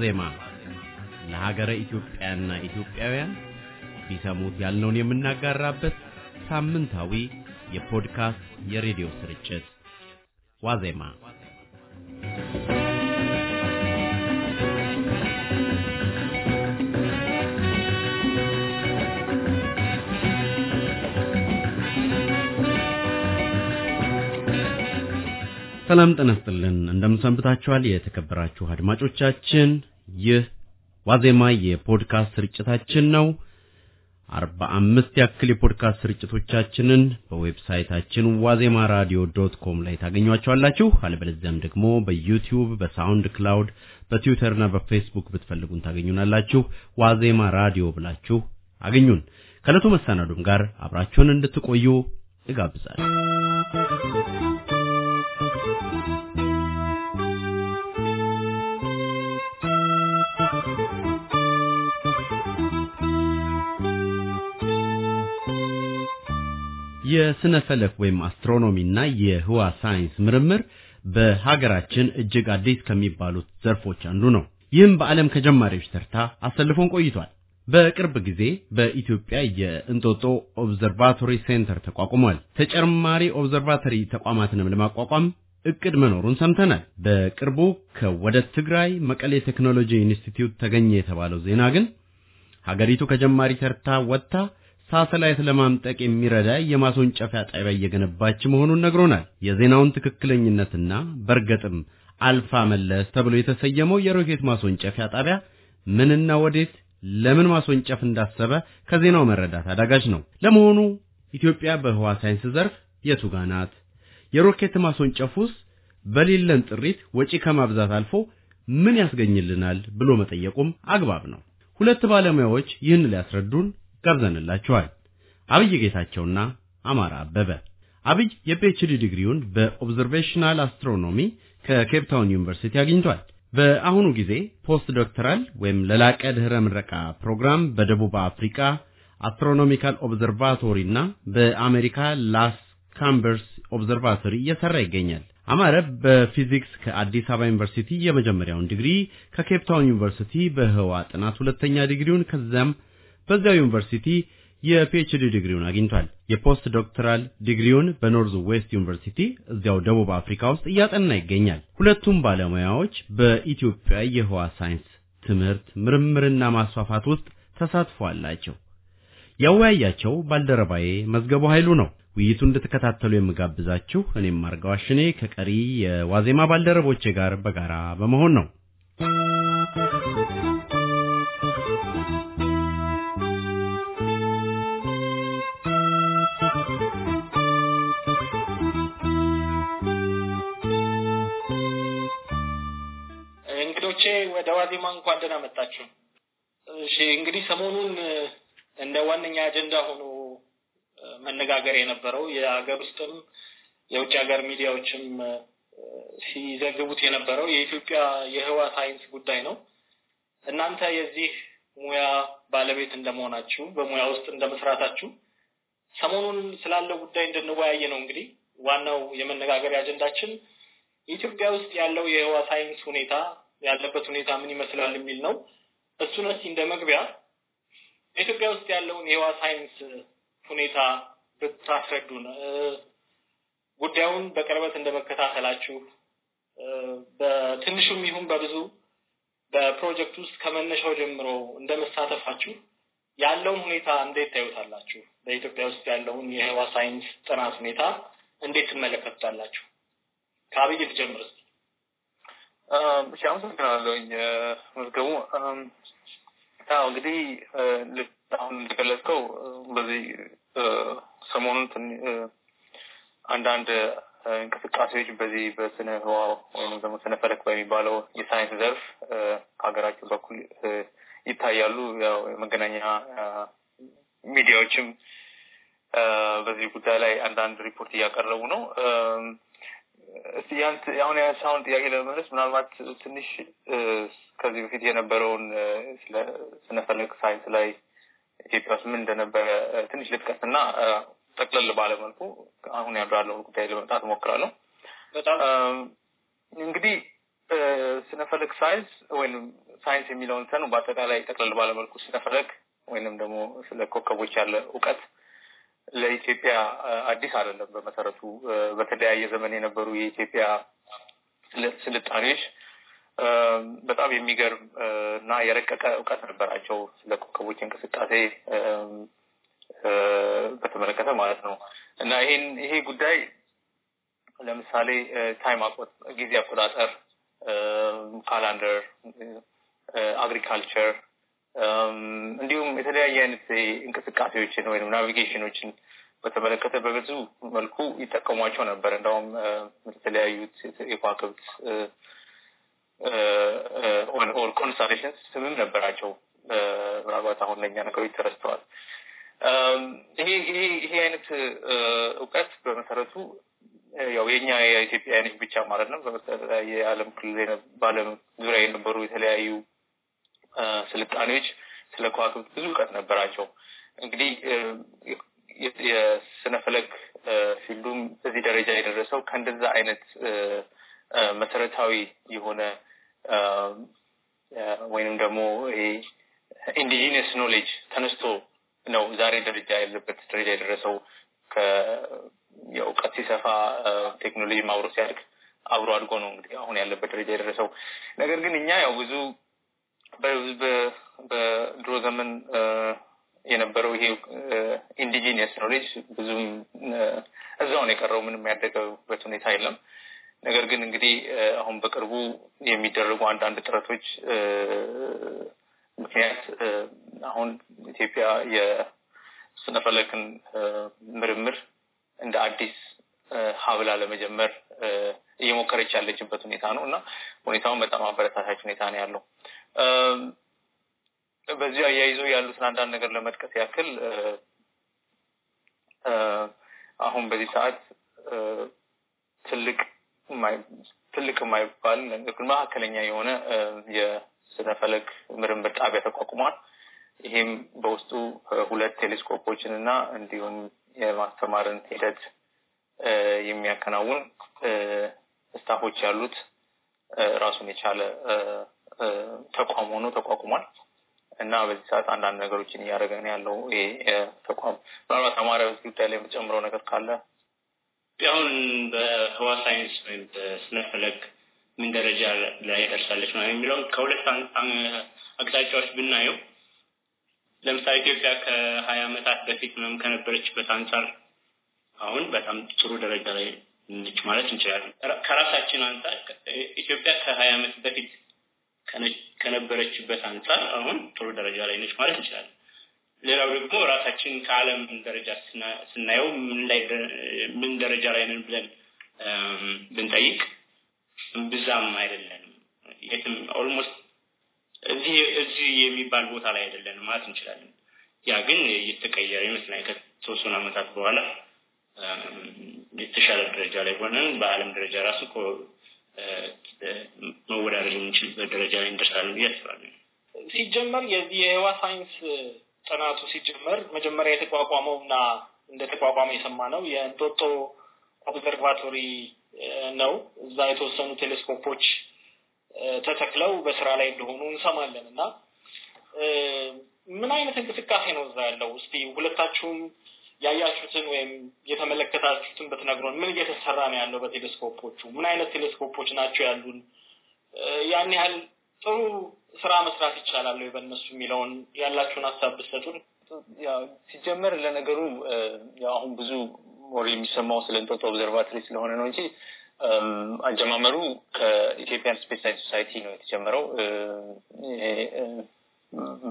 ዋዜማ ለሀገረ ኢትዮጵያና ኢትዮጵያውያን ቢሰሙት ያልነውን የምናጋራበት ሳምንታዊ የፖድካስት የሬዲዮ ስርጭት ዋዜማ ሰላም ጠነስጥልን እንደምሰንብታችኋል እንደምን ሰንብታችኋል? የተከበራችሁ አድማጮቻችን ይህ ዋዜማ የፖድካስት ስርጭታችን ነው። አርባ አምስት ያክል የፖድካስት ስርጭቶቻችንን በዌብሳይታችን ዋዜማ ራዲዮ ዶት ኮም ላይ ታገኟቸዋላችሁ። አለበለዚያም ደግሞ በዩቲዩብ፣ በሳውንድ ክላውድ፣ በትዊተርና በፌስቡክ ብትፈልጉን ታገኙናላችሁ። ዋዜማ ራዲዮ ብላችሁ አገኙን። ከእለቱ መሰናዶም ጋር አብራችሁን እንድትቆዩ እጋብዛለሁ። የስነ ፈለክ ወይም አስትሮኖሚና የህዋ ሳይንስ ምርምር በሀገራችን እጅግ አዲስ ከሚባሉት ዘርፎች አንዱ ነው። ይህም በዓለም ከጀማሪዎች ተርታ አሰልፎን ቆይቷል። በቅርብ ጊዜ በኢትዮጵያ የእንጦጦ ኦብዘርቫቶሪ ሴንተር ተቋቁሟል። ተጨማሪ ኦብዘርቫቶሪ ተቋማትንም ለማቋቋም እቅድ መኖሩን ሰምተናል። በቅርቡ ከወደ ትግራይ መቀሌ ቴክኖሎጂ ኢንስቲትዩት ተገኘ የተባለው ዜና ግን ሀገሪቱ ከጀማሪ ተርታ ወጥታ ሳተላይት ለማምጠቅ የሚረዳ የማስወንጨፊያ ጣቢያ እየገነባች መሆኑን ነግሮናል። የዜናውን ትክክለኝነትና በርገጥም አልፋ መለስ ተብሎ የተሰየመው የሮኬት ማስወንጨፊያ ጣቢያ ምንና ወዴት ለምን ማስወንጨፍ እንዳሰበ ከዜናው መረዳት አዳጋች ነው። ለመሆኑ ኢትዮጵያ በህዋ ሳይንስ ዘርፍ የቱ ጋ ናት? የሮኬት ማስወንጨፉስ በሌለን ጥሪት ወጪ ከማብዛት አልፎ ምን ያስገኝልናል ብሎ መጠየቁም አግባብ ነው። ሁለት ባለሙያዎች ይህን ሊያስረዱን ጋብዘንላችኋል። አብይ ጌታቸውና አማራ አበበ። አብይ የፒኤችዲ ዲግሪውን በኦብዘርቬሽናል አስትሮኖሚ ከኬፕታውን ዩኒቨርሲቲ አግኝቷል። በአሁኑ ጊዜ ፖስት ዶክተራል ወይም ለላቀ ድህረ ምረቃ ፕሮግራም በደቡብ አፍሪካ አስትሮኖሚካል ኦብዘርቫቶሪ እና በአሜሪካ ላስ ካምበርስ ኦብዘርቫቶሪ እየሰራ ይገኛል። አማረ በፊዚክስ ከአዲስ አበባ ዩኒቨርሲቲ የመጀመሪያውን ዲግሪ፣ ከኬፕታውን ዩኒቨርሲቲ በህዋ ጥናት ሁለተኛ ዲግሪውን ከዚያም በዚያው ዩኒቨርሲቲ የፒኤችዲ ዲግሪውን አግኝቷል። የፖስት ዶክተራል ዲግሪውን በኖርዝ ዌስት ዩኒቨርሲቲ እዚያው ደቡብ አፍሪካ ውስጥ እያጠና ይገኛል። ሁለቱም ባለሙያዎች በኢትዮጵያ የህዋ ሳይንስ ትምህርት ምርምርና ማስፋፋት ውስጥ ተሳትፎ አላቸው። ያወያያቸው ባልደረባዬ መዝገቡ ኃይሉ ነው። ውይይቱ እንድትከታተሉ የምጋብዛችሁ እኔም አርጋዋሽኔ ከቀሪ የዋዜማ ባልደረቦቼ ጋር በጋራ በመሆን ነው። እንኳን ደህና መጣችሁ። እሺ እንግዲህ ሰሞኑን እንደ ዋነኛ አጀንዳ ሆኖ መነጋገር የነበረው የሀገር ውስጥም የውጭ ሀገር ሚዲያዎችም ሲዘግቡት የነበረው የኢትዮጵያ የህዋ ሳይንስ ጉዳይ ነው። እናንተ የዚህ ሙያ ባለቤት እንደመሆናችሁ በሙያ ውስጥ እንደመስራታችሁ ሰሞኑን ስላለው ጉዳይ እንድንወያየ ነው። እንግዲህ ዋናው የመነጋገሪያ አጀንዳችን ኢትዮጵያ ውስጥ ያለው የህዋ ሳይንስ ሁኔታ ያለበት ሁኔታ ምን ይመስላል የሚል ነው። እሱን እስቲ እንደ መግቢያ ኢትዮጵያ ውስጥ ያለውን የህዋ ሳይንስ ሁኔታ ብታስረዱን፣ ጉዳዩን በቅርበት እንደመከታተላችሁ በትንሹም ይሁን በብዙ በፕሮጀክት ውስጥ ከመነሻው ጀምሮ እንደመሳተፋችሁ ያለውን ሁኔታ እንዴት ታዩታላችሁ? በኢትዮጵያ ውስጥ ያለውን የህዋ ሳይንስ ጥናት ሁኔታ እንዴት ትመለከቱታላችሁ? ከአብይ ልጀምር እስኪ። እሺ አመሰግናለሁኝ መዝገቡ። ያው እንግዲህ አሁን እንደገለጽከው በዚህ ሰሞኑን አንዳንድ እንቅስቃሴዎች በዚህ በስነ ህዋ ወይም ደግሞ ስነ ፈለክ በሚባለው የሳይንስ ዘርፍ ከሀገራቸው በኩል ይታያሉ። ያው የመገናኛ ሚዲያዎችም በዚህ ጉዳይ ላይ አንዳንድ ሪፖርት እያቀረቡ ነው። እስቲ ያነሳውን ጥያቄ ለመመለስ ምናልባት ትንሽ ከዚህ በፊት የነበረውን ስነፈለግ ሳይንስ ላይ ኢትዮጵያ ውስጥ ምን እንደነበረ ትንሽ ልጥቀስ እና ጠቅለል ባለመልኩ አሁን ያብራለውን ጉዳይ ለመምጣት እሞክራለሁ። በጣም እንግዲህ ስነ ሳይንስ ወይም ሳይንስ የሚለውን ሰኑ በአጠቃላይ ጠቅለል ባለመልኩ ስነፈለግ ወይንም ደግሞ ስለ ኮከቦች ያለ እውቀት ለኢትዮጵያ አዲስ አይደለም። በመሰረቱ በተለያየ ዘመን የነበሩ የኢትዮጵያ ስልጣኔዎች በጣም የሚገርም እና የረቀቀ እውቀት ነበራቸው ስለ ኮከቦች እንቅስቃሴ በተመለከተ ማለት ነው እና ይሄን ይሄ ጉዳይ ለምሳሌ ታይም ጊዜ አቆጣጠር፣ ካላንደር፣ አግሪካልቸር እንዲሁም የተለያየ አይነት እንቅስቃሴዎችን ወይም ናቪጌሽኖችን በተመለከተ በብዙ መልኩ ይጠቀሟቸው ነበር። እንደውም የተለያዩ የከዋክብት ኦር ኮንስታሌሽን ስምም ነበራቸው። ምናልባት አሁን ለእኛ ነገሮች ተረስተዋል። ይሄ አይነት እውቀት በመሰረቱ ያው የኛ የኢትዮጵያውያን ብቻ ማለት ነው። በመሰረ የዓለም ክልል በዓለም ዙሪያ የነበሩ የተለያዩ ስልጣኔዎች ስለ ከዋክብት ብዙ እውቀት ነበራቸው። እንግዲህ የስነፈለክ ፊልዱም በዚህ ደረጃ የደረሰው ከእንደዛ አይነት መሰረታዊ የሆነ ወይንም ደግሞ ኢንዲጂነስ ኖሌጅ ተነስቶ ነው ዛሬ ደረጃ ያለበት ደረጃ የደረሰው። የእውቀት ሲሰፋ ቴክኖሎጂ ማብሮ ሲያድግ አብሮ አድጎ ነው እንግዲህ አሁን ያለበት ደረጃ የደረሰው። ነገር ግን እኛ ያው ብዙ በድሮ ዘመን የነበረው ይሄ ኢንዲጂኒየስ ኖሌጅ ብዙም እዛው ነው የቀረው። ምንም ያደገበት ሁኔታ የለም። ነገር ግን እንግዲህ አሁን በቅርቡ የሚደረጉ አንዳንድ ጥረቶች ምክንያት አሁን ኢትዮጵያ የስነፈለክን ምርምር እንደ አዲስ ሀብላ ለመጀመር እየሞከረች ያለችበት ሁኔታ ነው እና ሁኔታውን በጣም አበረታታች ሁኔታ ነው ያለው። በዚህ አያይዘው ያሉትን አንዳንድ ነገር ለመጥቀስ ያክል አሁን በዚህ ሰዓት ትልቅ ትልቅ የማይባል መካከለኛ የሆነ የስነፈለግ ምርምር ጣቢያ ተቋቁሟል። ይሄም በውስጡ ሁለት ቴሌስኮፖችን እና እንዲሁም የማስተማርን ሂደት የሚያከናውን ስታፎች ያሉት ራሱን የቻለ ተቋም ሆኖ ተቋቁሟል እና በዚህ ሰዓት አንዳንድ ነገሮችን እያደረገ ነው ያለው ይሄ ተቋም። ምናልባት አማራ በዚህ ጉዳይ ላይ የምጨምረው ነገር ካለ አሁን በህዋ ሳይንስ ወይም በስነፈለግ ምን ደረጃ ላይ ደርሳለች ነው የሚለውን ከሁለት አቅጣጫዎች ብናየው ለምሳሌ ኢትዮጵያ ከሀያ ዓመታት በፊት ምም ከነበረችበት አንጻር አሁን በጣም ጥሩ ደረጃ ላይ ነች ማለት እንችላለን። ከራሳችን አንጻር ኢትዮጵያ ከሀያ ዓመት በፊት ከነበረችበት አንጻር አሁን ጥሩ ደረጃ ላይ ነች ማለት እንችላለን። ሌላው ደግሞ ራሳችን ከአለም ደረጃ ስናየው ምን ደረጃ ላይ ነን ብለን ብንጠይቅ ብዛም አይደለንም። የትም ኦልሞስት እዚህ እዚህ የሚባል ቦታ ላይ አይደለንም ማለት እንችላለን። ያ ግን እየተቀየረ ይመስላል ከሶስቱን አመታት በኋላ የተሻለ ደረጃ ላይ ሆነን በአለም ደረጃ ራሱ መወዳደር የምንችልበት ደረጃ ላይ እንደርሳለን ብዬ አስባለሁ። ሲጀመር የህዋ ሳይንስ ጥናቱ ሲጀመር መጀመሪያ የተቋቋመው እና እንደ ተቋቋመ የሰማ ነው የእንጦጦ ኦብዘርቫቶሪ ነው። እዛ የተወሰኑ ቴሌስኮፖች ተተክለው በስራ ላይ እንደሆኑ እንሰማለን እና ምን አይነት እንቅስቃሴ ነው እዛ ያለው? እስቲ ሁለታችሁም ያያችሁትን ወይም የተመለከታችሁትን ብትነግሩን። ምን እየተሰራ ነው ያለው በቴሌስኮፖቹ? ምን አይነት ቴሌስኮፖች ናቸው ያሉን? ያን ያህል ጥሩ ስራ መስራት ይቻላል ወይ በእነሱ የሚለውን ያላችሁን ሀሳብ ብትሰጡን። ሲጀመር ለነገሩ አሁን ብዙ ወሬ የሚሰማው ስለ እንጦጦ ኦብዘርቫቶሪ ስለሆነ ነው እንጂ አጀማመሩ ከኢትዮጵያን ስፔስ ሳይንስ ሶሳይቲ ነው የተጀመረው።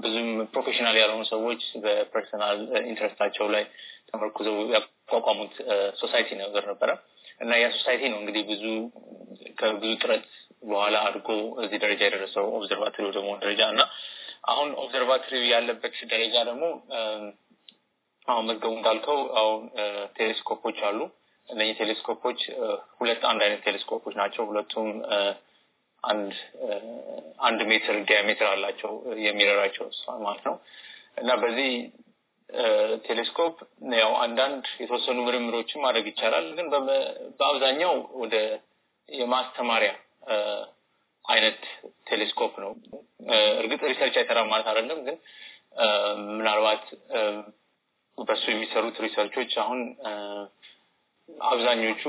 ብዙም ፕሮፌሽናል ያልሆኑ ሰዎች በፐርሰናል ኢንትረስታቸው ላይ ተመርኩዘው ያቋቋሙት ሶሳይቲ ነገር ነበረ እና ያ ሶሳይቲ ነው እንግዲህ ብዙ ከብዙ ጥረት በኋላ አድጎ እዚህ ደረጃ የደረሰው ኦብዘርቫቶሪ ደግሞ ደረጃ እና አሁን ኦብዘርቫቶሪ ያለበት ደረጃ ደግሞ አሁን መዝገቡ እንዳልከው አሁን ቴሌስኮፖች አሉ። እነዚህ ቴሌስኮፖች ሁለት አንድ አይነት ቴሌስኮፖች ናቸው። ሁለቱም አንድ አንድ ሜትር ዲያሜትር አላቸው የሚረራቸው ማለት ነው እና በዚህ ቴሌስኮፕ ያው አንዳንድ የተወሰኑ ምርምሮችን ማድረግ ይቻላል። ግን በአብዛኛው ወደ የማስተማሪያ አይነት ቴሌስኮፕ ነው። እርግጥ ሪሰርች አይሰራም ማለት አይደለም። ግን ምናልባት በሱ የሚሰሩት ሪሰርቾች አሁን አብዛኞቹ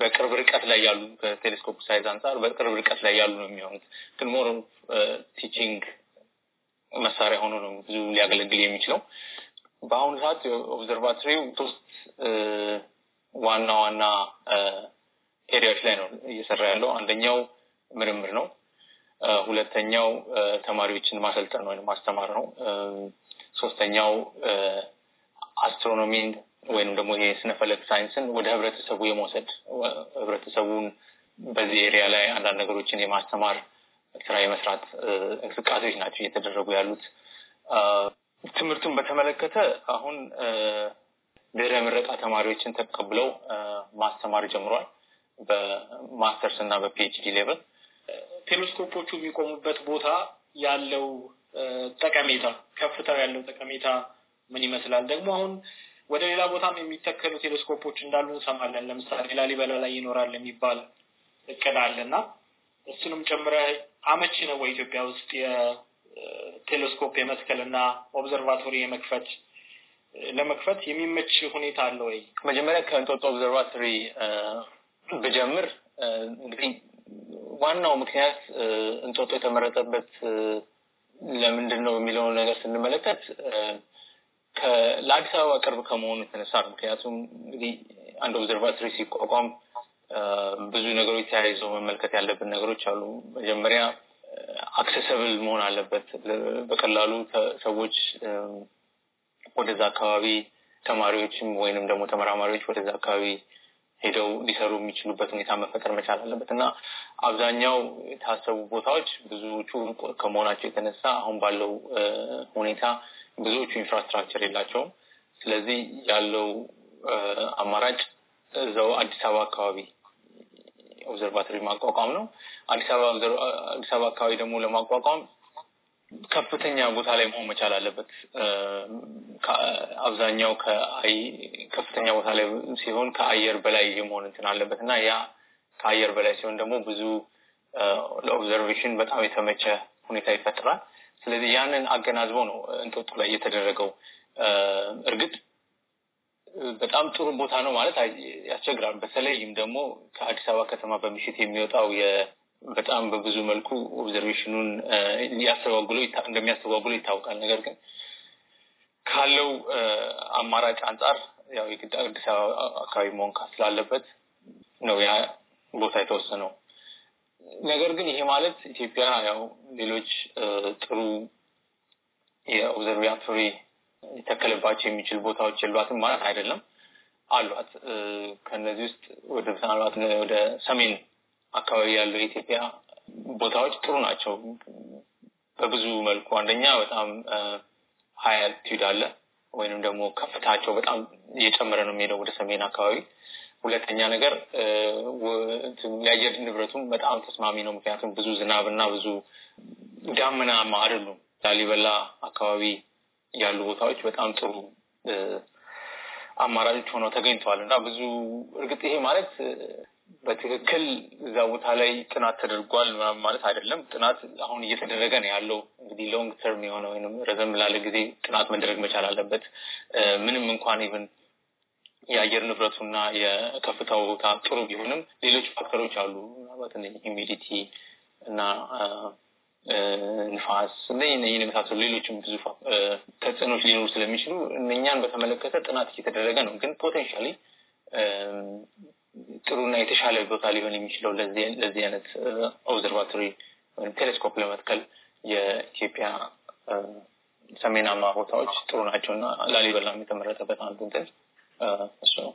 በቅርብ ርቀት ላይ ያሉ በቴሌስኮፕ ሳይዝ አንጻር በቅርብ ርቀት ላይ ያሉ ነው የሚሆኑት። ግን ሞር ቲቺንግ መሳሪያ ሆኖ ነው ብዙ ሊያገለግል የሚችለው። በአሁኑ ሰዓት ኦብዘርቫቶሪው ሶስት ዋና ዋና ኤሪያዎች ላይ ነው እየሰራ ያለው። አንደኛው ምርምር ነው። ሁለተኛው ተማሪዎችን ማሰልጠን ወይም ማስተማር ነው። ሶስተኛው አስትሮኖሚን ወይም ደግሞ ይሄ ስነፈለግ ሳይንስን ወደ ህብረተሰቡ የመውሰድ ህብረተሰቡን በዚህ ኤሪያ ላይ አንዳንድ ነገሮችን የማስተማር ስራ የመስራት እንቅስቃሴዎች ናቸው እየተደረጉ ያሉት። ትምህርቱን በተመለከተ አሁን ድህረ ምረቃ ተማሪዎችን ተቀብለው ማስተማር ጀምሯል። በማስተርስ እና በፒኤችዲ ሌቨል ቴሌስኮፖቹ የሚቆሙበት ቦታ ያለው ጠቀሜታ ከፍታው ያለው ጠቀሜታ ምን ይመስላል? ደግሞ አሁን ወደ ሌላ ቦታም የሚተከሉ ቴሌስኮፖች እንዳሉ እንሰማለን። ለምሳሌ ላሊበላ ላይ ይኖራል የሚባል እቅድ አለ እና እሱንም ጨምረ አመቺ ነው በኢትዮጵያ ውስጥ ቴሌስኮፕ የመትከልና ኦብዘርቫቶሪ የመክፈት ለመክፈት የሚመች ሁኔታ አለ ወይ? መጀመሪያ ከእንጦጦ ኦብዘርቫቶሪ ብጀምር እንግዲህ ዋናው ምክንያት እንጦጦ የተመረጠበት ለምንድን ነው የሚለውን ነገር ስንመለከት ለአዲስ አበባ ቅርብ ከመሆኑ የተነሳ ነው። ምክንያቱም እንግዲህ አንድ ኦብዘርቫቶሪ ሲቋቋም ብዙ ነገሮች ተያይዘው መመልከት ያለብን ነገሮች አሉ። መጀመሪያ አክሰሰብል መሆን አለበት። በቀላሉ ሰዎች ወደዛ አካባቢ ተማሪዎችም ወይንም ደግሞ ተመራማሪዎች ወደዛ አካባቢ ሄደው ሊሰሩ የሚችሉበት ሁኔታ መፈጠር መቻል አለበት እና አብዛኛው የታሰቡ ቦታዎች ብዙዎቹ ከመሆናቸው የተነሳ አሁን ባለው ሁኔታ ብዙዎቹ ኢንፍራስትራክቸር የላቸውም። ስለዚህ ያለው አማራጭ እዛው አዲስ አበባ አካባቢ ኦብዘርቫቶሪ ማቋቋም ነው። አዲስ አበባ አካባቢ ደግሞ ለማቋቋም ከፍተኛ ቦታ ላይ መሆን መቻል አለበት። አብዛኛው ከአይ ከፍተኛ ቦታ ላይ ሲሆን ከአየር በላይ የመሆን እንትን አለበት እና ያ ከአየር በላይ ሲሆን ደግሞ ብዙ ለኦብዘርቬሽን በጣም የተመቸ ሁኔታ ይፈጥራል። ስለዚህ ያንን አገናዝቦ ነው እንጦጦ ላይ የተደረገው። እርግጥ በጣም ጥሩ ቦታ ነው ማለት ያስቸግራል። በተለይም ደግሞ ከአዲስ አበባ ከተማ በምሽት የሚወጣው በጣም በብዙ መልኩ ኦብዘርቬሽኑን ያስተጓጉለው እንደሚያስተጓጉለው ይታወቃል። ነገር ግን ካለው አማራጭ አንጻር ያው የግድ አዲስ አበባ አካባቢ መሆን ስላለበት ነው ያ ቦታ የተወሰነው። ነገር ግን ይሄ ማለት ኢትዮጵያ ያው ሌሎች ጥሩ የኦብዘርቫቶሪ ሊተከልባቸው የሚችል ቦታዎች የሏትም ማለት አይደለም፣ አሏት። ከእነዚህ ውስጥ ወደ ምናልባት ወደ ሰሜን አካባቢ ያሉ የኢትዮጵያ ቦታዎች ጥሩ ናቸው በብዙ መልኩ። አንደኛ በጣም ሀይ አልቲዩድ አለ ወይንም ደግሞ ከፍታቸው በጣም እየጨመረ ነው የሚሄደው ወደ ሰሜን አካባቢ። ሁለተኛ ነገር የአየር ንብረቱም በጣም ተስማሚ ነው፣ ምክንያቱም ብዙ ዝናብ እና ብዙ ዳመናማ አይደሉም። ላሊበላ አካባቢ ያሉ ቦታዎች በጣም ጥሩ አማራጮች ሆነው ተገኝተዋል እና ብዙ እርግጥ ይሄ ማለት በትክክል እዛ ቦታ ላይ ጥናት ተደርጓል ማለት አይደለም። ጥናት አሁን እየተደረገ ነው ያለው። እንግዲህ ሎንግ ተርም የሆነ ወይም ረዘም ላለ ጊዜ ጥናት መደረግ መቻል አለበት። ምንም እንኳን ኢቨን የአየር ንብረቱና የከፍታው ቦታ ጥሩ ቢሆንም ሌሎች ፋክተሮች አሉ። ምናልባት ሂሚዲቲ እና ንፋስ እነዚህ የመሳሰሉ ሌሎችም ብዙ ተጽዕኖች ሊኖሩ ስለሚችሉ እነኛን በተመለከተ ጥናት እየተደረገ ነው። ግን ፖቴንሻሊ ጥሩና የተሻለ ቦታ ሊሆን የሚችለው ለዚህ አይነት ኦብዘርቫቶሪ ወይም ቴሌስኮፕ ለመትከል የኢትዮጵያ ሰሜናማ ቦታዎች ጥሩ ናቸው እና ላሊበላም የተመረጠበት አንዱ እንትን እሱ ነው።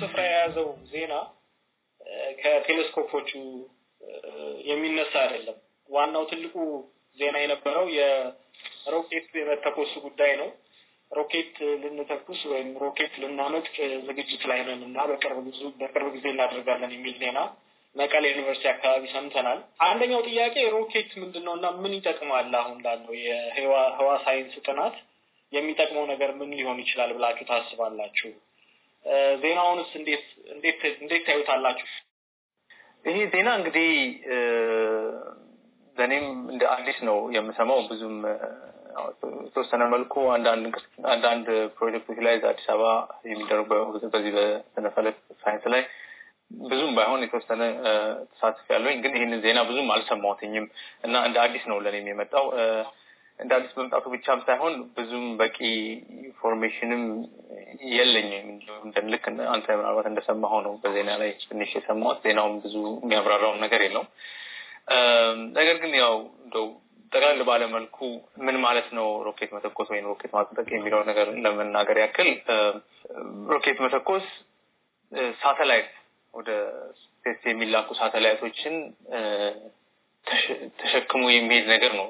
ስፍራ የያዘው ዜና ከቴሌስኮፖቹ የሚነሳ አይደለም። ዋናው ትልቁ ዜና የነበረው የሮኬት የመተኮሱ ጉዳይ ነው። ሮኬት ልንተኩስ ወይም ሮኬት ልናመጥቅ ዝግጅት ላይ ነን እና በቅርብ ጊዜ እናደርጋለን የሚል ዜና መቀሌ ዩኒቨርሲቲ አካባቢ ሰምተናል። አንደኛው ጥያቄ ሮኬት ምንድን ነው እና ምን ይጠቅማል? አሁን ላለው የህዋ ሳይንስ ጥናት የሚጠቅመው ነገር ምን ሊሆን ይችላል ብላችሁ ታስባላችሁ? ዜናውንስ እንዴት እንዴት እንዴት ታዩታላችሁ? ይሄ ዜና እንግዲህ ለእኔም እንደ አዲስ ነው የምሰማው። ብዙም የተወሰነ መልኩ አንዳንድ ፕሮጀክቶች ላይ አዲስ አበባ የሚደረጉ በዚህ በስነፈለክ ሳይንስ ላይ ብዙም ባይሆን የተወሰነ ተሳትፍ ያለኝ፣ ግን ይህንን ዜና ብዙም አልሰማሁትኝም እና እንደ አዲስ ነው ለእኔም የመጣው። እንዳዲስ መምጣቱ ብቻም ሳይሆን ብዙም በቂ ኢንፎርሜሽንም የለኝም። ልክ አንተ ምናልባት እንደሰማኸው ነው በዜና ላይ ትንሽ የሰማት ዜናውም ብዙ የሚያብራራውም ነገር የለውም። ነገር ግን ያው እንደው ጠቅላል ባለመልኩ ምን ማለት ነው ሮኬት መተኮስ ወይም ሮኬት ማጥበቅ የሚለው ነገር ለመናገር ያክል ሮኬት መተኮስ ሳተላይት ወደ ስፔስ የሚላኩ ሳተላይቶችን ተሸክሙ የሚሄድ ነገር ነው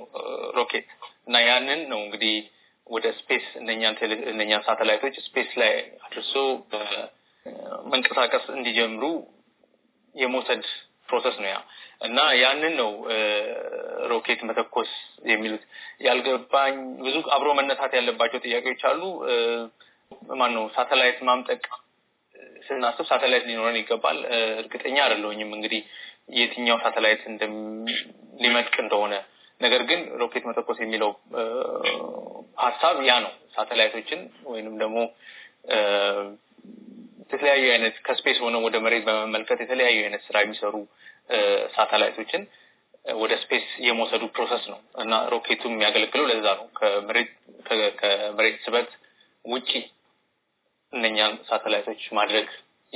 ሮኬት እና ያንን ነው እንግዲህ ወደ ስፔስ እነኛን ሳተላይቶች ስፔስ ላይ አድርሶ መንቀሳቀስ እንዲጀምሩ የመውሰድ ፕሮሰስ ነው ያ እና ያንን ነው ሮኬት መተኮስ የሚሉት። ያልገባኝ ብዙ አብሮ መነሳት ያለባቸው ጥያቄዎች አሉ። ማን ነው ሳተላይት ማምጠቅ ስናስብ ሳተላይት ሊኖረን ይገባል። እርግጠኛ አደለውኝም እንግዲህ የትኛው ሳተላይት ሊመጥቅ እንደሆነ ነገር ግን ሮኬት መተኮስ የሚለው ሀሳብ ያ ነው። ሳተላይቶችን ወይንም ደግሞ የተለያዩ አይነት ከስፔስ ሆነው ወደ መሬት በመመልከት የተለያዩ አይነት ስራ የሚሰሩ ሳተላይቶችን ወደ ስፔስ የመውሰዱ ፕሮሰስ ነው እና ሮኬቱ የሚያገለግለው ለዛ ነው። ከመሬት ስበት ውጪ እነኛን ሳተላይቶች ማድረግ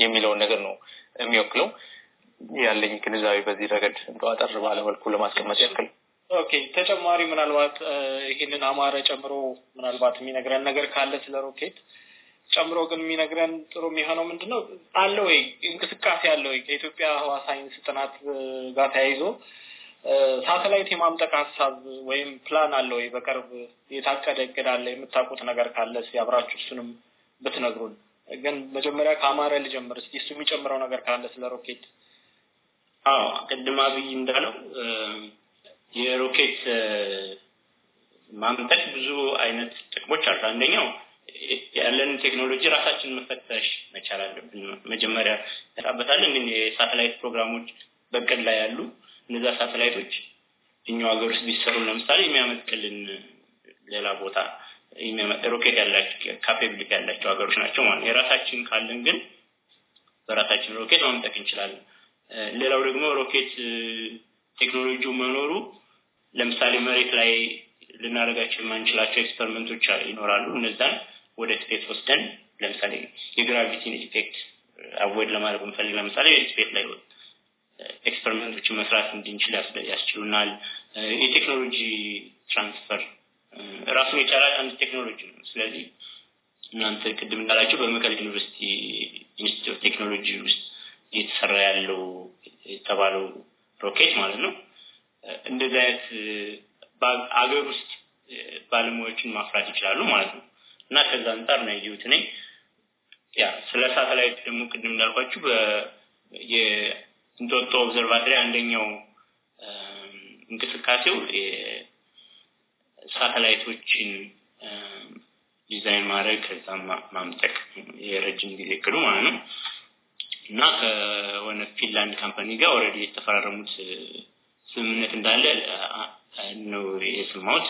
የሚለውን ነገር ነው የሚወክለው። ያለኝ ግንዛቤ በዚህ ረገድ እንደ አጠር ባለመልኩ ለማስቀመጥ ያክል ኦኬ ተጨማሪ ምናልባት ይህንን አማረ ጨምሮ ምናልባት የሚነግረን ነገር ካለ ስለ ሮኬት ጨምሮ ግን የሚነግረን ጥሩ የሚሆነው ምንድን ነው አለ ወይ እንቅስቃሴ አለ ወይ ከኢትዮጵያ ህዋ ሳይንስ ጥናት ጋር ተያይዞ ሳተላይት የማምጠቅ ሀሳብ ወይም ፕላን አለ ወይ በቅርብ የታቀደ እቅድ አለ የምታውቁት ነገር ካለ ስ አብራችሁ እሱንም ብትነግሩን ግን መጀመሪያ ከአማረ ልጀምር ስ እሱ የሚጨምረው ነገር ካለ ስለ ሮኬት አዎ ቅድም አብይ እንዳለው የሮኬት ማምጠቅ ብዙ አይነት ጥቅሞች አሉ። አንደኛው ያለንን ቴክኖሎጂ ራሳችን መፈተሽ መቻል አለብን። መጀመሪያ ያጣበታለን ግን የሳተላይት ፕሮግራሞች በቅድ ላይ ያሉ እነዛ ሳተላይቶች እኛው ሀገር ውስጥ ቢሰሩ ለምሳሌ የሚያመጥቅልን ሌላ ቦታ ሮኬት ያላቸው ካፔብሊክ ያላቸው ሀገሮች ናቸው ማለት ነው። የራሳችን ካለን ግን በራሳችን ሮኬት ማምጠቅ እንችላለን። ሌላው ደግሞ ሮኬት ቴክኖሎጂው መኖሩ ለምሳሌ መሬት ላይ ልናደርጋቸው የማንችላቸው ኤክስፐሪመንቶች ይኖራሉ። እነዛን ወደ ስፔስ ወስደን ለምሳሌ የግራቪቲን ኢፌክት አወይድ ለማድረግ እንፈልግ ለምሳሌ ስፔስ ላይ ኤክስፐሪመንቶችን መስራት እንድንችል ያስችሉናል። የቴክኖሎጂ ትራንስፈር ራሱን የቻለ አንድ ቴክኖሎጂ ነው። ስለዚህ እናንተ ቅድም እንዳላቸው በመቀል ዩኒቨርሲቲ ኢንስቲትዩት ቴክኖሎጂ ውስጥ እየተሰራ ያለው የተባለው ሮኬት ማለት ነው። እንደዚህ አይነት አገር ውስጥ ባለሙያዎችን ማፍራት ይችላሉ ማለት ነው እና ከዛ አንጻር ነው ያየሁት እኔ። ያ ስለ ሳተላይት ደግሞ ቅድም እንዳልኳችሁ የእንጦጦ ኦብዘርቫቶሪ አንደኛው እንቅስቃሴው ሳተላይቶችን ዲዛይን ማድረግ ከዛ ማምጠቅ የረጅም ጊዜ እቅዱ ማለት ነው። እና ከሆነ ፊንላንድ ካምፓኒ ጋር ኦልሬዲ የተፈራረሙት ስምምነት እንዳለ ነው የስማውት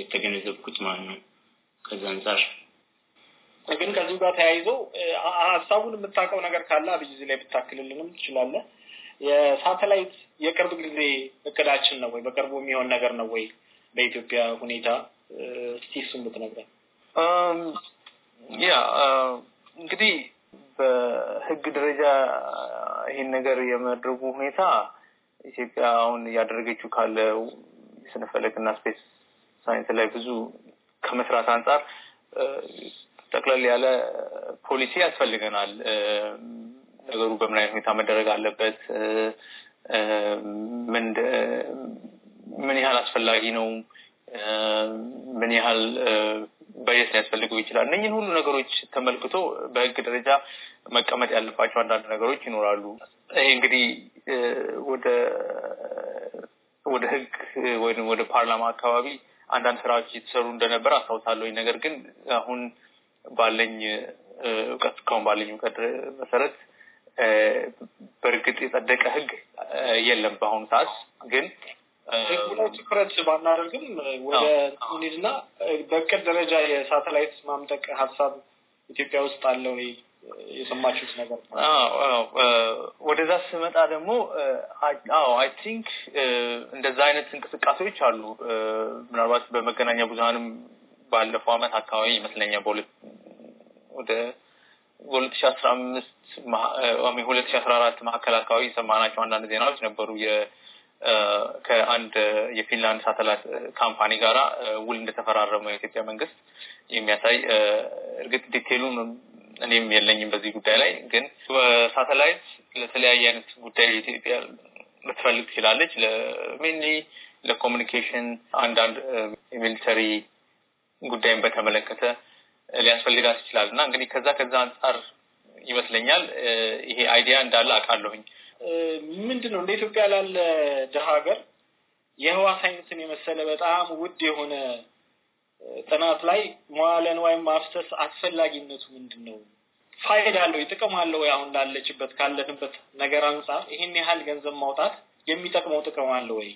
የተገነዘብኩት ማለት ነው። ከዚ አንጻር ግን ከዚህ ጋር ተያይዞ ሀሳቡን የምታውቀው ነገር ካለ አብይ ዚ ላይ ብታክልልንም ትችላለ የሳተላይት የቅርብ ጊዜ እቅዳችን ነው ወይ በቅርቡ የሚሆን ነገር ነው ወይ በኢትዮጵያ ሁኔታ እስቲ እሱን ብትነግረን። ያ እንግዲህ በህግ ደረጃ ይሄን ነገር የመድረጉ ሁኔታ ኢትዮጵያ አሁን እያደረገችው ካለው ስነ ስፔስ ሳይንስ ላይ ብዙ ከመስራት አንጻር ጠቅለል ያለ ፖሊሲ ያስፈልገናል። ነገሩ በምን አይነት ሁኔታ መደረግ አለበት፣ ምን ያህል አስፈላጊ ነው፣ ምን ያህል በጀት ሊያስፈልገው ይችላል። እነኝን ሁሉ ነገሮች ተመልክቶ በህግ ደረጃ መቀመጥ ያለባቸው አንዳንድ ነገሮች ይኖራሉ። ይሄ እንግዲህ ወደ ወደ ህግ ወይም ወደ ፓርላማ አካባቢ አንዳንድ ስራዎች እየተሰሩ እንደነበር አስታውሳለሁኝ። ነገር ግን አሁን ባለኝ እውቀት እስካሁን ባለኝ እውቀት መሰረት በእርግጥ የጸደቀ ህግ የለም። በአሁኑ ሰዓት ግን ህጉ ላይ ትኩረት ባናደርግም ወደ ኒድ ና በእቅድ ደረጃ የሳተላይት ማምጠቅ ሀሳብ ኢትዮጵያ ውስጥ አለው ወይ? የሰማችሁት ነገር ወደዛ ስመጣ ደግሞ አዎ አይ ቲንክ እንደዛ አይነት እንቅስቃሴዎች አሉ። ምናልባት በመገናኛ ብዙሀንም ባለፈው አመት አካባቢ ይመስለኛ በሁለት ወደ ሁለት ሺ አስራ አምስት ሁለት ሺ አስራ አራት መካከል አካባቢ የሰማናቸው አንዳንድ ዜናዎች ነበሩ ከአንድ የፊንላንድ ሳተላይት ካምፓኒ ጋራ ውል እንደተፈራረመ የኢትዮጵያ መንግስት የሚያሳይ እርግጥ ዲቴሉን እኔም የለኝም በዚህ ጉዳይ ላይ ግን በሳተላይት ለተለያየ አይነት ጉዳይ ኢትዮጵያ ልትፈልግ ትችላለች። ሜንሊ ለኮሚኒኬሽን፣ አንዳንድ የሚሊተሪ ጉዳይን በተመለከተ ሊያስፈልጋት ይችላል እና እንግዲህ ከዛ ከዛ አንጻር ይመስለኛል ይሄ አይዲያ እንዳለ አቃለሁኝ ምንድን ነው እንደ ኢትዮጵያ ላለ ድሀ ሀገር የህዋ ሳይንስን የመሰለ በጣም ውድ የሆነ ጥናት ላይ መዋለን ወይም ማፍሰስ አስፈላጊነቱ ምንድን ነው? ፋይዳ አለው ጥቅም አለው ወይ? አሁን ላለችበት ካለንበት ነገር አንጻር ይህን ያህል ገንዘብ ማውጣት የሚጠቅመው ጥቅም አለ ወይ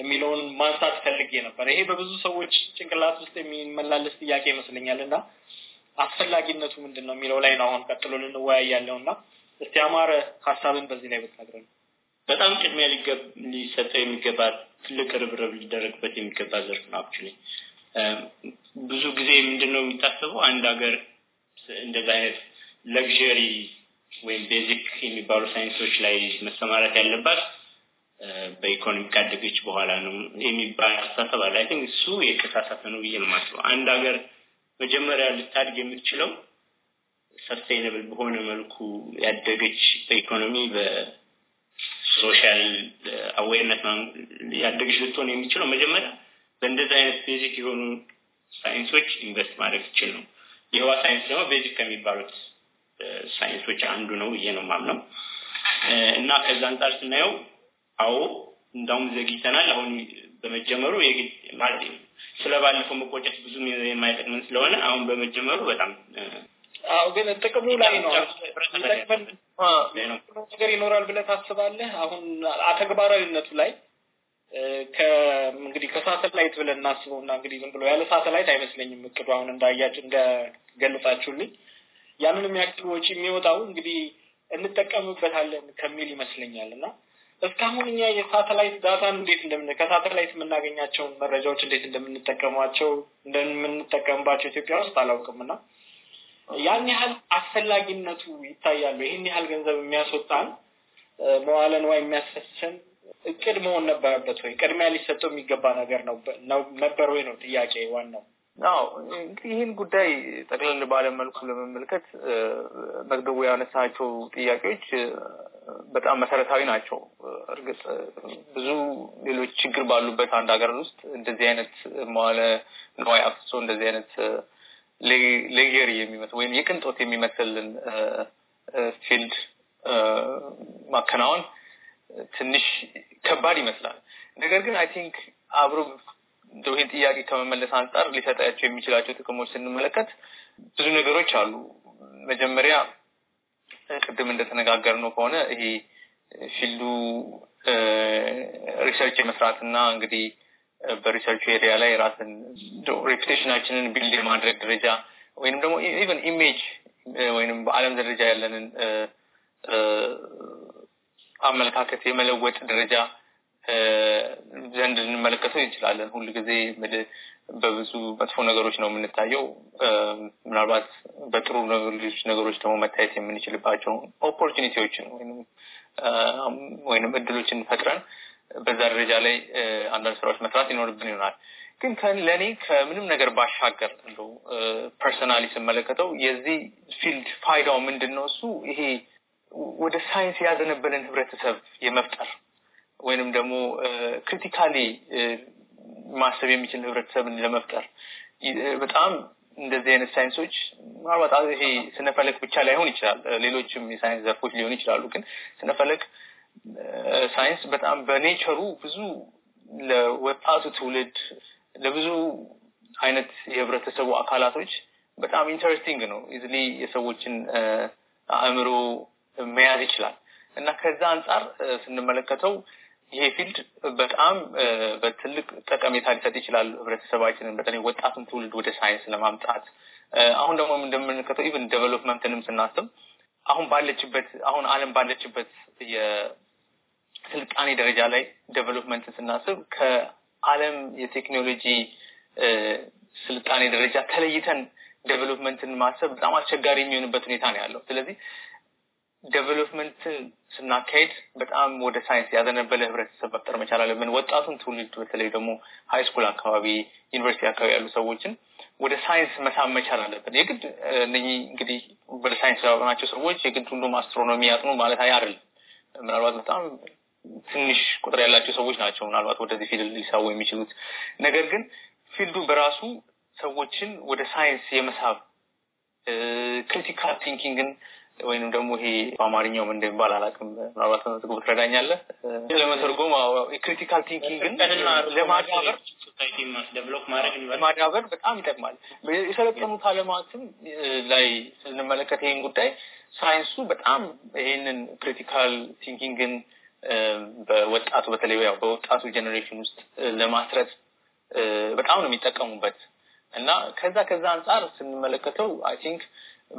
የሚለውን ማንሳት ፈልጌ ነበር። ይሄ በብዙ ሰዎች ጭንቅላት ውስጥ የሚመላለስ ጥያቄ ይመስለኛል እና አስፈላጊነቱ ምንድን ነው የሚለው ላይ ነው አሁን ቀጥሎ ልንወያያለው እና እስቲ አማረ ሀሳብን በዚህ ላይ ብታድረን። በጣም ቅድሚያ ሊሰጠው የሚገባ ትልቅ ርብርብ ሊደረግበት የሚገባ ዘርፍ ነው። አክቹዋሊ ብዙ ጊዜ ምንድን ነው የሚታሰበው አንድ ሀገር እንደዚህ አይነት ለግዠሪ ወይም ቤዚክ የሚባሉ ሳይንሶች ላይ መሰማራት ያለባት በኢኮኖሚ ካደገች በኋላ ነው የሚባል አስተሳሰብ አለ። አይ ቲንክ እሱ የተሳሳተ ነው ብዬ ነው የማስበው። አንድ ሀገር መጀመሪያ ልታድግ የምትችለው ሰስቴይነብል በሆነ መልኩ ያደገች በኢኮኖሚ በሶሻል አዌርነት ያደገች ልትሆን የሚችለው መጀመሪያ በእንደዚህ አይነት ቤዚክ የሆኑ ሳይንሶች ኢንቨስት ማድረግ ይችል ነው። የህዋ ሳይንስ ደግሞ ቤዚክ ከሚባሉት ሳይንሶች uh, አንዱ ነው ይሄ ነው ማምነው uh, እና ከዛ አንጻር ስናየው አዎ እንዳውም ዘግይተናል። አሁን በመጀመሩ ማለት ስለ ባለፈው መቆጨት ብዙም የማይጠቅመን ስለሆነ አሁን በመጀመሩ በጣም uh, አዎ ግን ጥቅሙ ላይ ነው ነገር ይኖራል ብለህ ታስባለህ? አሁን ተግባራዊነቱ ላይ እንግዲህ ከሳተላይት ብለን እናስበው እና እንግዲህ ዝም ብሎ ያለ ሳተላይት አይመስለኝም እቅዱ አሁን እንዳያጭ እንደገለጻችሁልኝ ያንንም ያክል ወጪ የሚወጣው እንግዲህ እንጠቀምበታለን ከሚል ይመስለኛል እና እስካሁን እኛ የሳተላይት ዳታን እንዴት እንደምን ከሳተላይት የምናገኛቸውን መረጃዎች እንዴት እንደምንጠቀሟቸው እንደምንጠቀምባቸው ኢትዮጵያ ውስጥ አላውቅም እና ያን ያህል አስፈላጊነቱ ይታያሉ። ይህን ያህል ገንዘብ የሚያስወጣን መዋለ ንዋይ የሚያስፈስን እቅድ መሆን ነበረበት ወይ? ቅድሚያ ሊሰጠው የሚገባ ነገር ነው ነበር ወይ ነው ጥያቄ ዋናው። አዎ እንግዲህ ይህን ጉዳይ ጠቅለል ባለ መልኩ ለመመልከት መግደቡ ያነሳቸው ጥያቄዎች በጣም መሰረታዊ ናቸው። እርግጥ ብዙ ሌሎች ችግር ባሉበት አንድ ሀገር ውስጥ እንደዚህ አይነት መዋለ ንዋይ አፍሶ እንደዚህ አይነት ሌጌሪ የሚመስል ወይም የቅንጦት የሚመስልን ፊልድ ማከናወን ትንሽ ከባድ ይመስላል። ነገር ግን አይ ቲንክ አብሮ ይህን ጥያቄ ከመመለስ አንጻር ሊሰጣቸው የሚችላቸው ጥቅሞች ስንመለከት ብዙ ነገሮች አሉ። መጀመሪያ ቅድም እንደተነጋገር ነው ከሆነ ይሄ ፊልዱ ሪሰርች የመስራት እና እንግዲህ በሪሰርች ኤሪያ ላይ ራስን ሬፕቴሽናችንን ቢልድ የማድረግ ደረጃ ወይም ደግሞ ኢቨን ኢሜጅ ወይም በአለም ደረጃ ያለንን አመለካከት የመለወጥ ደረጃ ዘንድ ልንመለከተው ይችላለን ሁሉ ጊዜ በብዙ መጥፎ ነገሮች ነው የምንታየው። ምናልባት በጥሩ ነገሮች ደግሞ መታየት የምንችልባቸው ኦፖርቹኒቲዎችን ወይም እድሎችን ፈጥረን በዛ ደረጃ ላይ አንዳንድ ስራዎች መስራት ይኖርብን ይሆናል። ግን ለእኔ ከምንም ነገር ባሻገር እንደ ፐርሰናሊ ስመለከተው የዚህ ፊልድ ፋይዳው ምንድን ነው? እሱ ይሄ ወደ ሳይንስ ያዘነበለን ህብረተሰብ የመፍጠር ወይንም ደግሞ ክሪቲካሊ ማሰብ የሚችል ህብረተሰብን ለመፍጠር በጣም እንደዚህ አይነት ሳይንሶች ምናልባት ይሄ ስነፈለክ ብቻ ላይሆን ይችላል፣ ሌሎችም የሳይንስ ዘርፎች ሊሆን ይችላሉ። ግን ስነፈለክ ሳይንስ በጣም በኔቸሩ ብዙ ለወጣቱ ትውልድ ለብዙ አይነት የህብረተሰቡ አካላቶች በጣም ኢንተረስቲንግ ነው። ኢዝሊ የሰዎችን አእምሮ መያዝ ይችላል እና ከዛ አንጻር ስንመለከተው ይሄ ፊልድ በጣም በትልቅ ጠቀሜታ ሊሰጥ ይችላል ህብረተሰባችንን በተለይ ወጣቱን ትውልድ ወደ ሳይንስ ለማምጣት አሁን ደግሞ እንደምንመለከተው ኢቨን ዴቨሎፕመንትንም ስናስብ አሁን ባለችበት አሁን አለም ባለችበት ስልጣኔ ደረጃ ላይ ዴቨሎፕመንትን ስናስብ ከዓለም የቴክኖሎጂ ስልጣኔ ደረጃ ተለይተን ዴቨሎፕመንትን ማሰብ በጣም አስቸጋሪ የሚሆንበት ሁኔታ ነው ያለው። ስለዚህ ዴቨሎፕመንትን ስናካሄድ በጣም ወደ ሳይንስ ያዘነበለ ህብረተሰብ መፍጠር መቻል አለብን። ወጣቱን ትውልድ በተለይ ደግሞ ሃይስኩል አካባቢ፣ ዩኒቨርሲቲ አካባቢ ያሉ ሰዎችን ወደ ሳይንስ መሳብ መቻል አለብን። የግድ እነህ እንግዲህ ወደ ሳይንስ ያወቅናቸው ሰዎች የግድ ሁሉም አስትሮኖሚ ያጥኑ ማለት አይ አይደለም። ምናልባት በጣም ትንሽ ቁጥር ያላቸው ሰዎች ናቸው ምናልባት ወደዚህ ፊልድ ሊሳቡ የሚችሉት። ነገር ግን ፊልዱ በራሱ ሰዎችን ወደ ሳይንስ የመሳብ ክሪቲካል ቲንኪንግን ወይም ደግሞ ይሄ በአማርኛውም እንደሚባል አላቅም ምናልባት መዝግቡ ትረዳኛለ ለመተርጎም ክሪቲካል ቲንኪንግን ለማዳበር ለማዳበር በጣም ይጠቅማል። የሰለጠኑት አለማትም ላይ ስንመለከት ይህን ጉዳይ ሳይንሱ በጣም ይህንን ክሪቲካል ቲንኪንግን በወጣቱ በተለይ ያው በወጣቱ ጀኔሬሽን ውስጥ ለማስረት በጣም ነው የሚጠቀሙበት እና ከዛ ከዛ አንጻር ስንመለከተው አይ ቲንክ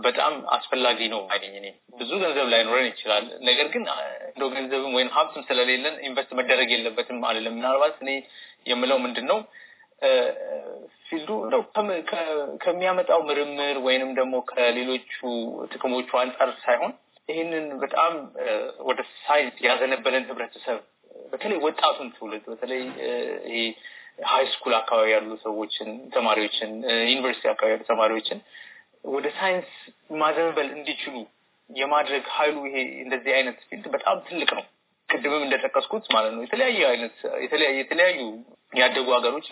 በጣም አስፈላጊ ነው አይደኝ። እኔ ብዙ ገንዘብ ላይኖረን ይችላል። ነገር ግን እንደ ገንዘብም ወይም ሀብትም ስለሌለን ኢንቨስት መደረግ የለበትም አለ ምናልባት እኔ የምለው ምንድን ነው ፊልዱ እንደው ከሚያመጣው ምርምር ወይንም ደግሞ ከሌሎቹ ጥቅሞቹ አንጻር ሳይሆን ይህንን በጣም ወደ ሳይንስ ያዘነበለን ህብረተሰብ በተለይ ወጣቱን ትውልድ በተለይ ይሄ ሀይ ስኩል አካባቢ ያሉ ሰዎችን ተማሪዎችን፣ ዩኒቨርሲቲ አካባቢ ያሉ ተማሪዎችን ወደ ሳይንስ ማዘንበል እንዲችሉ የማድረግ ኃይሉ ይሄ እንደዚህ አይነት ፊልድ በጣም ትልቅ ነው። ቅድምም እንደጠቀስኩት ማለት ነው የተለያየ አይነት የተለያየ የተለያዩ ያደጉ ሀገሮች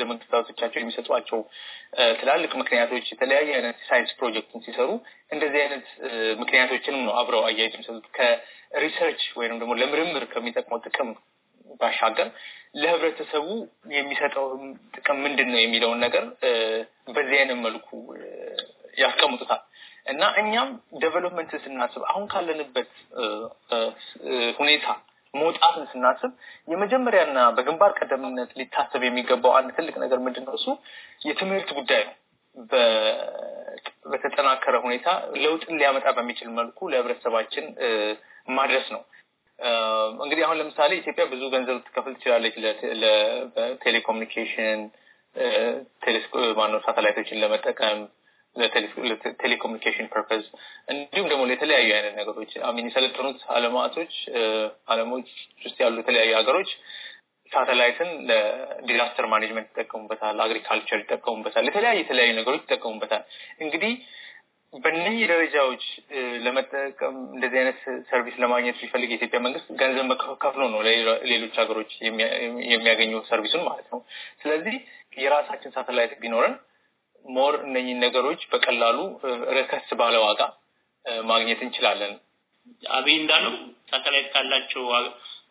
ለመንግስታቶቻቸው የሚሰጧቸው ትላልቅ ምክንያቶች የተለያየ አይነት ሳይንስ ፕሮጀክትን ሲሰሩ እንደዚህ አይነት ምክንያቶችንም ነው አብረው አያይዝ የሚሰጡት ከሪሰርች ወይም ደግሞ ለምርምር ከሚጠቅመው ጥቅም ባሻገር ለህብረተሰቡ የሚሰጠው ጥቅም ምንድን ነው የሚለውን ነገር በዚህ አይነት መልኩ ያስቀምጡታል። እና እኛም ዴቨሎፕመንትን ስናስብ አሁን ካለንበት ሁኔታ መውጣትን ስናስብ የመጀመሪያና በግንባር ቀደምነት ሊታሰብ የሚገባው አንድ ትልቅ ነገር ምንድን ነው? እሱ የትምህርት ጉዳይ ነው። በተጠናከረ ሁኔታ ለውጥን ሊያመጣ በሚችል መልኩ ለህብረተሰባችን ማድረስ ነው። እንግዲህ አሁን ለምሳሌ ኢትዮጵያ ብዙ ገንዘብ ትከፍል ትችላለች ለቴሌኮሙኒኬሽን ማነው ሳተላይቶችን ለመጠቀም ለቴሌኮሙኒኬሽን ፐርፐዝ እንዲሁም ደግሞ ለተለያዩ አይነት ነገሮች አሚን የሰለጠኑት አለማቶች አለሞች ውስጥ ያሉ የተለያዩ ሀገሮች ሳተላይትን ለዲዛስተር ማኔጅመንት ይጠቀሙበታል፣ አግሪካልቸር ይጠቀሙበታል፣ የተለያዩ የተለያዩ ነገሮች ይጠቀሙበታል። እንግዲህ በእነህ ደረጃዎች ለመጠቀም እንደዚህ አይነት ሰርቪስ ለማግኘት ሲፈልግ የኢትዮጵያ መንግስት ገንዘብ ከፍሎ ነው ሌሎች ሀገሮች የሚያገኙ ሰርቪሱን ማለት ነው። ስለዚህ የራሳችን ሳተላይት ቢኖረን ሞር እነኝን ነገሮች በቀላሉ ረከስ ባለ ዋጋ ማግኘት እንችላለን። አብይ እንዳለው ሳተላይት ካላቸው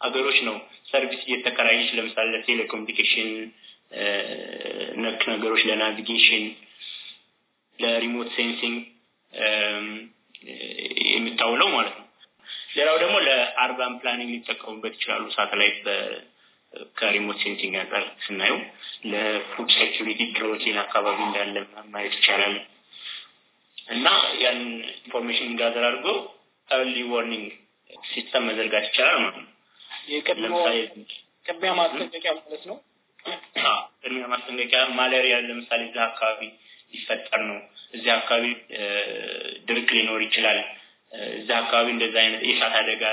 አገሮች ነው ሰርቪስ እየተከራየች ለምሳሌ ለቴሌኮሙኒኬሽን ነክ ነገሮች፣ ለናቪጌሽን፣ ለሪሞት ሴንሲንግ የሚታውለው ማለት ነው። ሌላው ደግሞ ለአርባን ፕላኒንግ ሊጠቀሙበት ይችላሉ ሳተላይት ከሪሞት ሴንሲንግ አንጻር ስናየው ለፉድ ሴኪሪቲ ድሮቴን አካባቢ እንዳለ ማየት ይቻላል እና ያን ኢንፎርሜሽን ጋዘር አድርጎ ኤርሊ ዋርኒንግ ሲስተም መዘርጋት ይቻላል ማለት ነው። ቅድሚያ ማስጠንቀቂያ ማለት ነው። ቅድሚያ ማስጠንቀቂያ ማላሪያ ለምሳሌ እዚህ አካባቢ ሊፈጠር ነው፣ እዚህ አካባቢ ድርቅ ሊኖር ይችላል፣ እዚህ አካባቢ እንደዚህ አይነት የእሳት አደጋ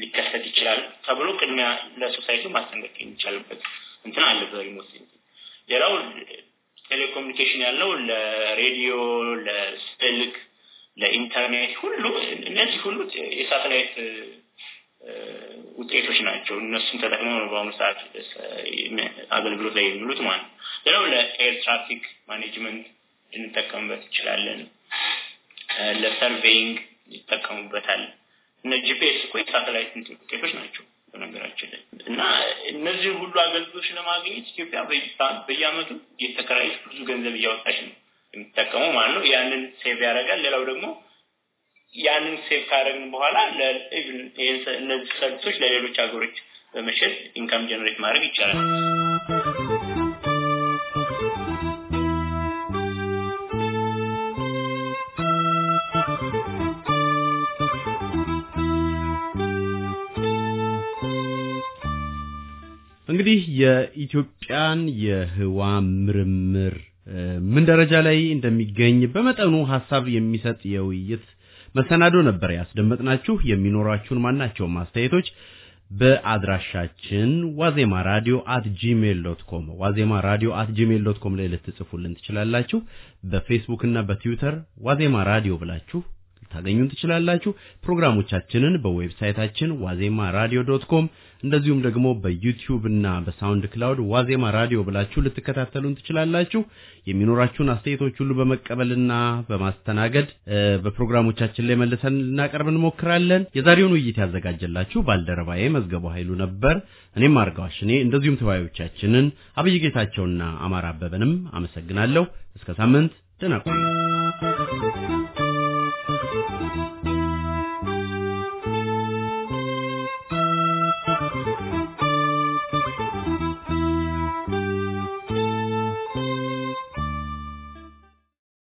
ሊከሰት ይችላል ተብሎ ቅድሚያ ለሶሳይቲ ማስጠንቀቅ የሚቻልበት እንትን አለ በሪሞት ሌላው ቴሌኮሙኒኬሽን ያለው ለሬዲዮ፣ ለስልክ፣ ለኢንተርኔት ሁሉ እነዚህ ሁሉ የሳተላይት ውጤቶች ናቸው። እነሱን ተጠቅመው ነው በአሁኑ ሰዓት አገልግሎት ላይ የሚሉት ማለት ነው። ሌላው ለኤር ትራፊክ ማኔጅመንት ልንጠቀምበት እንችላለን። ለሰርቬይንግ ይጠቀሙበታል። እነ ጂፒኤስ እኮ የሳተላይት ውጤቶች ናቸው በነገራችን ላይ እና እነዚህ ሁሉ አገልግሎቶች ለማግኘት ኢትዮጵያ በየአመቱ የተከራየች ብዙ ገንዘብ እያወጣች ነው የሚጠቀመው ማለት ነው። ያንን ሴቭ ያደርጋል። ሌላው ደግሞ ያንን ሴቭ ካደረግን በኋላ እነዚህ ሰርቪሶች ለሌሎች ሀገሮች በመሸጥ ኢንካም ጀነሬት ማድረግ ይቻላል። የኢትዮጵያን የህዋ ምርምር ምን ደረጃ ላይ እንደሚገኝ በመጠኑ ሀሳብ የሚሰጥ የውይይት መሰናዶ ነበር ያስደመጥናችሁ። የሚኖራችሁን ማናቸውም አስተያየቶች በአድራሻችን ዋዜማ ራዲዮ አት ጂሜል ዶት ኮም ዋዜማ ራዲዮ አት ጂሜል ዶት ኮም ላይ ልትጽፉልን ትችላላችሁ። በፌስቡክ እና በትዊተር ዋዜማ ራዲዮ ብላችሁ ልታገኙን ትችላላችሁ። ፕሮግራሞቻችንን በዌብሳይታችን ዋዜማ ራዲዮ ዶት ኮም እንደዚሁም ደግሞ በዩቲዩብ እና በሳውንድ ክላውድ ዋዜማ ራዲዮ ብላችሁ ልትከታተሉን ትችላላችሁ። የሚኖራችሁን አስተያየቶች ሁሉ በመቀበልና በማስተናገድ በፕሮግራሞቻችን ላይ መልሰን ልናቀርብ እንሞክራለን። የዛሬውን ውይይት ያዘጋጀላችሁ ባልደረባዬ መዝገቡ ኃይሉ ነበር። እኔም እኔ እንደዚሁም ተወያዮቻችንን አብይ ጌታቸውና አማራ አበበንም አመሰግናለሁ። እስከ ሳምንት ደህና ቆዩ።